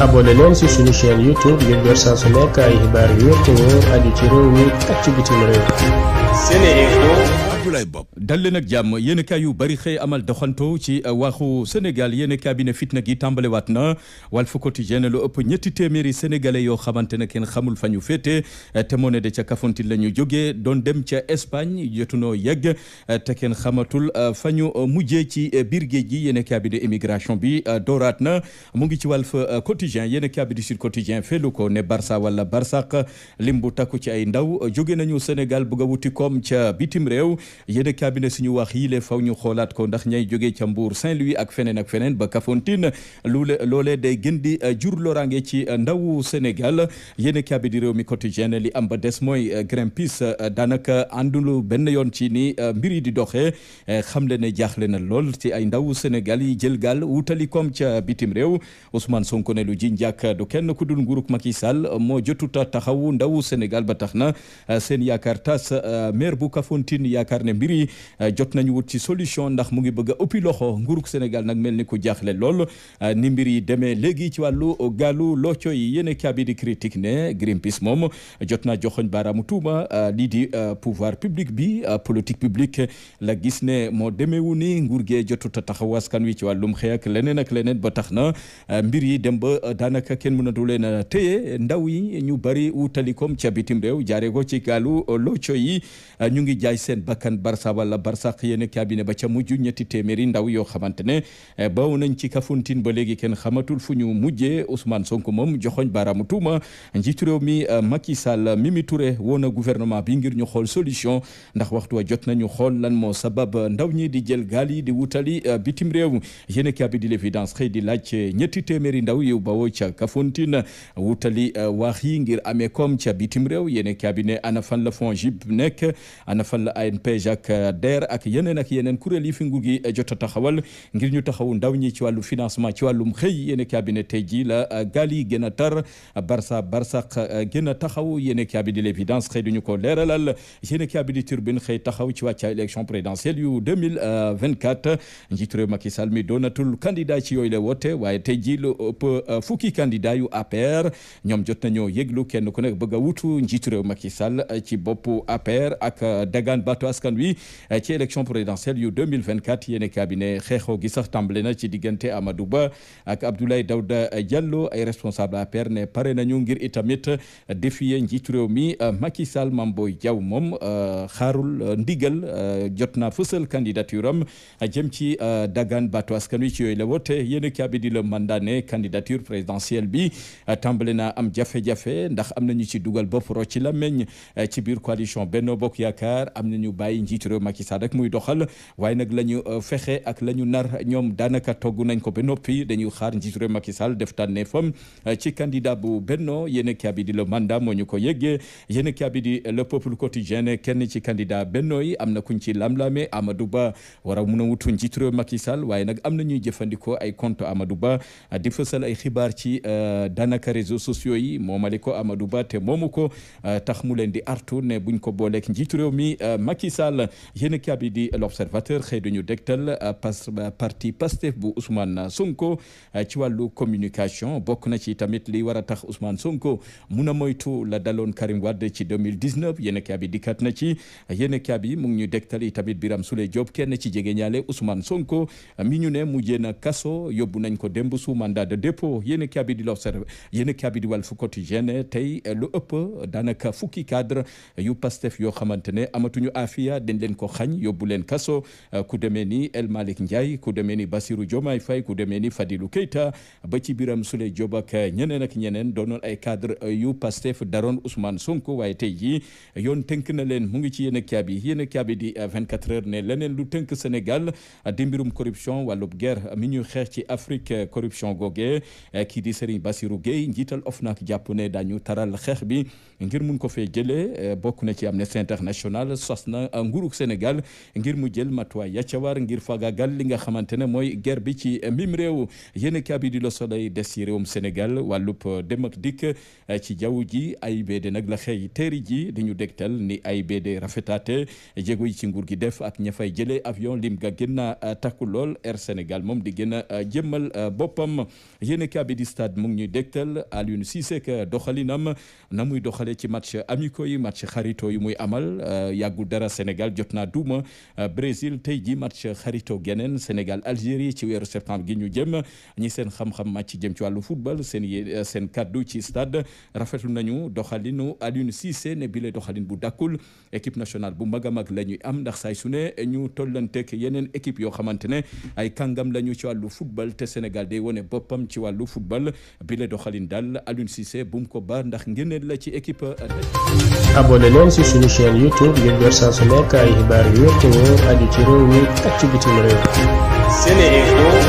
abonné leen ci suñu chaîne YouTube ngir jot saa ay xibaar yu wér te wóor aju ci réew mi ak ci Abdoulaye Bob dal leen ak jàmm yéen kaay yu bari xëy amal doxanto ci euh, waxu Sénégal yéen kaay bi fitna gi tàmbalewaat na Walf Quotidien lu ëpp ñetti téeméeri sénégalais yoo xamante ne kenn xamul fa ñu féete euh, te moo ne de ca Kafountine la ñu jógee doon dem ca Espagne jotunoo yegg euh, te kenn xamatul fa ñu mujjee ci biir géej gi yéen kaay bi immigration bi dooraat na mu ngi ci Walf Quotidien yéen kaay bi du Sud Quotidien feelu ko ne Barça wala Barsaq lim bu takku ci ay ndaw jóge nañu Sénégal bëgg a wuti koom ca bitim réew yéen a cabinet suñu wax yi le faw ñu xoolaat ko ndax ñay jogee ca Mbour Saint-Louis ak feneen ak feneen ba Kafountine lule loolee day gën di euh, jur loraange ci euh, ndaw Sénégal yéen a réew mi quotidien li am ba des mooy euh, Greenpeace daanaka àndulu benn yoon ci ni mbir yi di doxee xam le ne jaaxle na lool ci ay ndaw Sénégal yi jël gaal wutali koom ca bitim réew Ousmane Sonko lu ji njàkk du kenn ku dul nguurug Macky Sall moo jotuta taxawu ndaw Sénégal ba tax na seen yaakaar tas maire ne mbir yi euh, jot nañu wut ci solution ndax mu ngi bëgg a ëppi loxo nguurug Sénégal nag mel ni ku jaaxle lool euh, ni mbir yi demee léegi ci wàllu gaalu locco yi yéen kaabi di critique ne Greenpeace moom jot na joxoñ baaraamu tuuma euh, lii di pouvoir public bi politique publique la gis ne moo demeewu ni nguur gee jotut a taxaw askan wi ci wàllum xëy ak leneen ak leneen ba tax na mbir yi dem ba daanaka kenn mënatu leen a téye ndaw yi ñu bari wutali koom ca bitim réew jaaree ko ci gaalu locco yi ñu naan barsa wala barsax yéen cabinet ba ca mujj ñetti téeméeri ndaw yoo xamante ne eh, baw nañ ci Kafountine ba léegi kenn xamatul fu ñu mujjee Ousmane Sonko moom joxoñ baaraamu tuuma njiitu réew mi eh, Macky Sall Mimi ture woo na gouvernement bi ngir ñu xool solution ndax waxtu wa jot nañu xool lan moo sabab ndaw ñi di jël gaal yi di wutali eh, bitim réew yéen cabinet di l'évidence xëy di laaj ñetti téeméeri ndaw yu bawoo ca Kafountine wutali waax yi ngir amee koom ca bitim réew yéen cabinet ana fan la FONGIP nekk ana la ANP Jacader ak yeneen ak yeneen kuréel a taxawal ngir ñu taxawu ndaw ñi ci wàllu financement ci wàllum xëy yéen cabinet tey ji la gaal yi a tar Barça Barsaq gën a taxaw yéen cabinet l'évidence xëy duñu ko leeralal yéen cabinet turbine xëy taxaw ci wàcca élection présidentielle yu 2024 njiitu réew Macky Sall mi doonatul candidat ci yooyu la woote waaye tey ji lu ëpp euh, fukki candidat yu APR ñoom jot nañoo yëglu kenn ku nekk bëgg a wutu njiitu réew Macky Sall ci boppu APR ak euh, dagaan baatu askan askan wi eh, ci élection présidentielle yu 2024 yéene cabinet xeexoo gi sax tàmbale na ci diggante Amadou Ba ak Abdoulaye Daouda Diallo ay responsable APR ne na nañu ngir itamit défier njiitu réew mi eh, Macky Sall Mame Boye Diaw moom eh, xaarul ndigal jot na fësal candidature am jëm ci dagaan baatu askan wi ci yooyu la woote yéene cabinet di la mandaane candidature présidentielle bi tàmbale na am jafe-jafe ndax am nañu ci dugal bopp rocci la meñ ci biir coalition Benno Bokk Yaakaar am nañu bàyyi ay njiit réew Macky rek muy doxal waaye nag la ñu euh, fexe ak la ñu nar ñoom daanaka togg nañ ko ba noppi dañuy xaar njiit réew Macky Sall def tànneefam euh, ci candidat bu benno yéen kaabi di le mandat moo ñu ko yëggee yéen kaabi di le peuple quotidien kenn ci candidat benno yi am na kuñ ci lamlame Amadou Ba war a mun a wutu njiit réew Macky Sall waaye nag am na ñuy jëfandikoo ay compte Amadou Ba di fësal ay xibaar ci euh, daanaka réseaux sociaux yi moomale ko Amadou te moomu ko tax mu leen di locale yéen kii bi di l'observateur xëy duñu dégtal euh, euh, parti Pastef bu Ousmane Sonko euh, ci wàllu communication bokk na ci tamit li war a tax Ousmane Sonko mun a moytu la daloon Karim Wade ci 2019 yéen kii bi dikkat na ci yéen kii bi mu ngi ñu dégtal yi tamit Biram Souleye Diop kenn ci jege ñaale Ousmane Sonko mi ñu ne mujjee na kaso yóbbu nañ ko démb su mandat de dépôt yéen kii bi di l'observateur yéen kii bi di Walf tey lu ëpp daanaka fukki cadre yu Pastef yoo xamante ne média dañ leen ko xañ yóbbu leen kaso euh, ku demee ni El Malick Ndiaye ku demee ni basiru Diomaye Faye ku demee ni Fadilou Keita ba ci Birame Souleye Diop ak ñeneen ak ñeneen doonoon ay cadre yu Pastef daroon Ousmane Sonko waaye tey jii yoon tënk na leen mu ngi ci yéen a kaabi yéen a kaabi di 24 heures ne leneen lu tënk Sénégal di mbirum corruption wàllub guerre mi ñu xeex ci Afrique corruption googe euh, kii di Serigne Bassirou Gueye njiital OFNAC jàpp ne ñu taral xeex bi ngir mun ko fee jëlee euh, bokk na ci Amnesty nguurug Sénégal ngir mu jël matuwaay ya ca war ngir fagagal li nga xamante ne mooy guerre bi ci mim réew yéen kaabi di Le Soleil des ci réewum Sénégal wàllub dem ak dikk ci jaww ji AIBD nag la xëy teeri ji di ñu dégtal ni AIBD rafetaate jéego yi ci nguur gi def ak ña fay jëlee avion lim ga gën a euh, takku lool Air Sénégal moom di gën a euh, jëmmal euh, boppam yéen kaabi di stade mu ngi ñuy dégtal Aliou Cissé doxalinam na muy doxalee ci match amicaux yi match xarito yi muy amal yàggu dara Sénégal Sénégal jot naa duuma euh, Brésil tey ji match xarito geneen Sénégal Algérie ci weeru septembre gi ñu jëm ñi seen xam-xam màcc jëm ci wàllu football seen yé euh, seen kaddu ci stade rafetlu nañu doxalinu Aliou Cissé ne bile doxalin bu dakkul équipe national bu mag a mag la am ndax say su ne ñu tollanteeg yeneen équipe yoo xamante ne ay kangam lañu ci wàllu football te Sénégal day wone boppam ci wàllu football bile doxalin daal Aliou Cissé bu ko ba ndax ngëneel la ci équipe. Euh, jotaayu xibaar yu wér te wóor a ci réew mi ak ci bitim réew